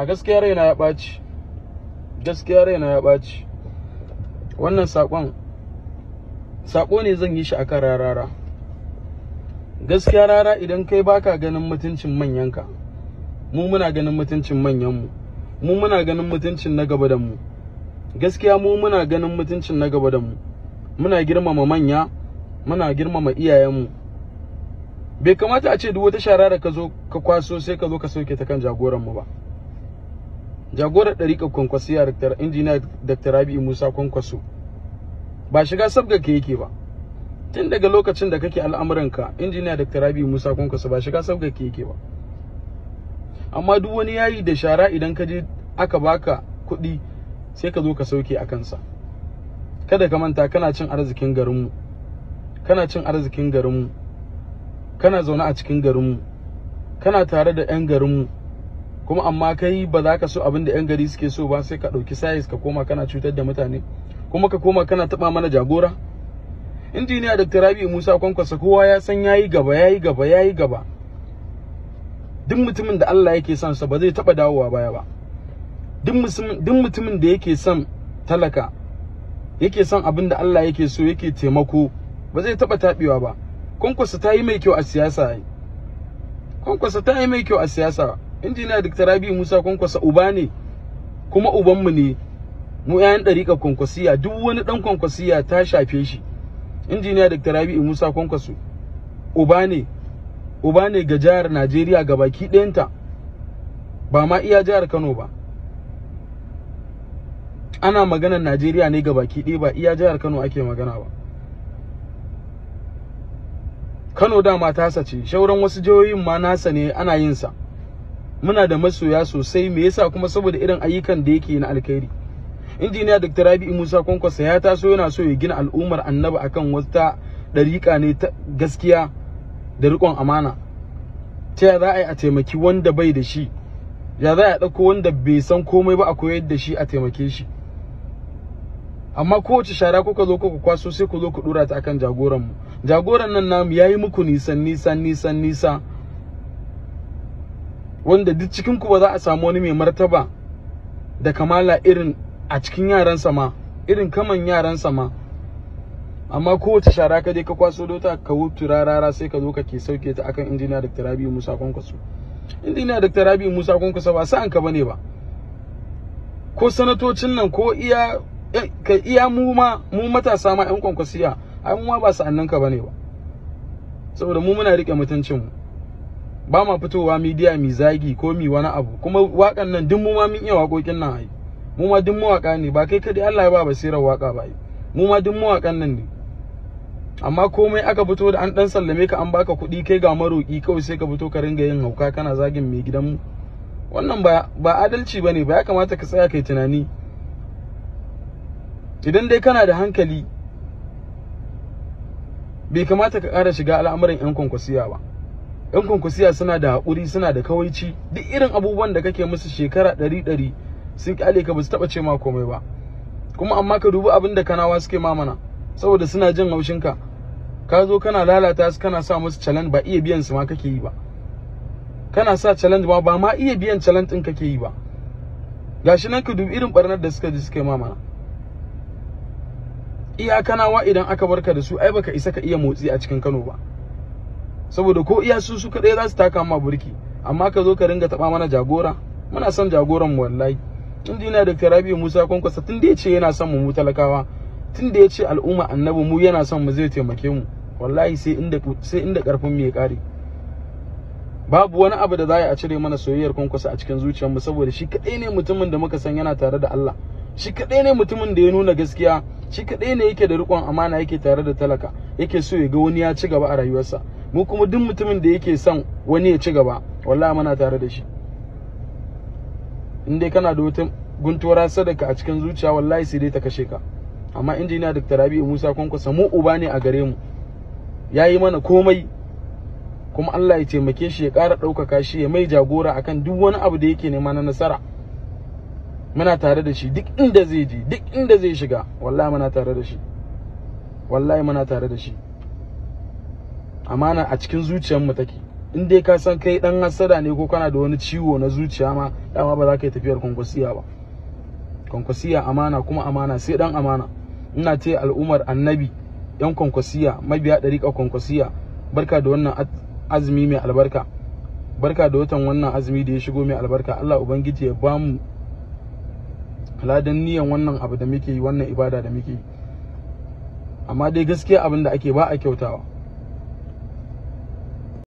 a gaskiya raina ya ɓaci gaskiya raina ya ɓaci wannan saƙon saƙo ne zan yi shi a kan rarara gaskiya rara idan kai baka ganin mutuncin manyanka mu muna ganin mutuncin manyanmu mu muna ganin mutuncin na gaba da mu gaskiya mu muna ganin mutuncin na gaba da mu muna girmama manya muna girmama iyayenmu bai kamata a ce duk wata shara da ka zo ka kwaso sai ka zo ka sauke ta kan jagoranmu ba jagorar ɗariƙar kwankwasiya injiniya dr rabi musa kwankwaso ba shiga sabga ke yake ba tun daga lokacin da kake al'amuranka injiniya dr rabi musa kwankwaso ba shiga sabga ke yake ba amma duk wani yayi da shara idan ka je aka baka kuɗi sai ka zo ka sauke a kansa kada ka manta kana cin arzikin garinmu kana cin arzikin garinmu kana zaune a cikin garinmu kana tare da 'yan garinmu kuma amma kai ba za ka so abin da 'yan gari suke so ba sai ka ɗauki sayis ka koma kana cutar da mutane kuma ka koma kana taɓa mana jagora injiniya dr rabi musa kwankwasa kowa ya san yayi gaba yayi gaba yayi gaba duk mutumin da allah yake son sa ba zai taɓa dawowa baya ba duk mutumin da yake son talaka yake son abin da allah yake so yake taimako ba zai taɓa taɓewa ba kwankwasa ta yi mai kyau a siyasa kwankwasa ta yi mai kyau a siyasa injiniya Dr. Rabi Musa Kwankwasa uba ne kuma ubanmu ne mu ƴaƴan dariƙar Kwankwasiya duk wani ɗan Kwankwasiya ta shafe shi injiniya Dr. Rabi Musa Kwankwaso uba ne uba ne ga jihar Najeriya ga baki ɗayanta ba ma iya jihar Kano ba ana maganar Najeriya ne ga baki ɗaya ba iya jihar Kano ake magana ba Kano dama ta sace shauran wasu jihohin ma nasa ne ana yin sa muna da masoya sosai me yasa kuma saboda irin ayyukan da yake na alkhairi injiniya dr rabi'u musa kwankwasa ya taso yana so ya gina al'ummar annabi akan wata dariƙa ne ta gaskiya da riƙon amana ta ya za a yi a taimaki wanda bai da shi ya za a ɗauko wanda bai san komai ba a koyar da shi a taimake shi amma kowace shara kuka zo kuka kwaso sai ku zo ku ɗura ta akan jagoran mu jagoran nan namu ya yi muku nisan nisan nisan nisa wanda duk cikin ku ba za a samu wani mai martaba da kamala irin a cikin yaransa ma irin kaman yaransa ma amma kowace shara ka je ka kwaso dota ka wuce rarara sai ka zo ka ke sauke ta akan injiniya Dr. Rabi Musa Kwankwaso injiniya Dr. Rabi Musa Kwankwaso ba sa'an ka bane ba ko sanatocin nan ko iya eh, ka iya mu ma mu matasa ma yan kwankwasiya ai mu ma ba nan ka bane ba saboda mu muna rike mutuncin mu ba ma fitowa media mi zagi ko mi wani abu kuma wakan nan duk mu ma mun iya wakokin nan ai mu ma duk mawaka ne ba kai kadai Allah ya ba basirar waka ba ai mu ma duk mawakan nan ne amma komai aka fito da an dan sallame ka an baka kuɗi kai ga maroki kawai sai ka fito ka ringa yin hauka kana zagin mai gidan mu wannan ba ba adalci bane ba ya kamata ka tsaya kai tunani idan dai kana da hankali bai kamata ka ƙara shiga al'amuran 'yan kwankwasiya ba yan kwankwasiya suna da haƙuri suna da kawaici duk irin abubuwan da kake musu shekara ɗari ɗari sun ƙyale ka ba su taɓa ce ma komai ba kuma amma ka dubi abin da kanawa suke mamana saboda suna jin haushinka ka zo kana lalata su kana sa musu challenge ba iya biyan su ma kake yi ba kana sa challenge ba ba ma iya biyan challenge ɗin kake yi ba gashi nan ka dubi irin barnar da suka ji suke mamana iya kanawa idan aka barka da su ai baka isa ka iya motsi a cikin Kano ba saboda ko iya su su kaɗai za su taka ma burki amma ka zo ka ringa taɓa mana jagora muna son jagoran wallahi tun da yana da rabi'u musa kwankwasa tun da ya ce yana son mu mu talakawa tun da ya ce al'umma annabi mu yana son mu zai taimake mu wallahi sai inda sai karfin mu ya kare babu wani abu da za a cire mana soyayyar kwankwasa a cikin zuciyarmu saboda shi kaɗai ne mutumin da muka san yana tare da Allah shi kaɗai ne mutumin da ya nuna gaskiya shi kaɗai ne yake da riƙon amana yake tare da talaka yake so ya ga wani ya ci gaba a rayuwarsa mu kuma duk mutumin da yake son wani ya ci gaba wallahi mana tare da shi in dai kana da wata guntuwar sadaka a cikin zuciya wallahi sai dai ta kashe ka amma injiniya Dr. Rabi'u Musa Kwankwasa mu uba ne a gare mu yayi mana komai kuma Allah ya taimake shi ya ƙara ɗaukaka shi ya mai jagora akan duk wani abu da yake nema na nasara muna tare da shi duk inda zai je duk inda zai shiga wallahi muna tare da shi wallahi muna tare da shi amana a cikin zuciyar mu take in dai ka san kai dan hasada ne ko kana da wani ciwo na zuciya ma dama ba za ka yi tafiyar kwankwasiya ba kwankwasiya amana kuma amana sai dan amana ina ce al'ummar annabi yan kwankwasiya mabiya ɗariƙa kwankwasiya barka da wannan azumi mai albarka barka da watan wannan azumi da ya shigo mai albarka Allah ubangiji ya ba mu ladan niyan wannan abu da muke yi wannan ibada da muke yi amma dai gaskiya abin da ake ba a kyautawa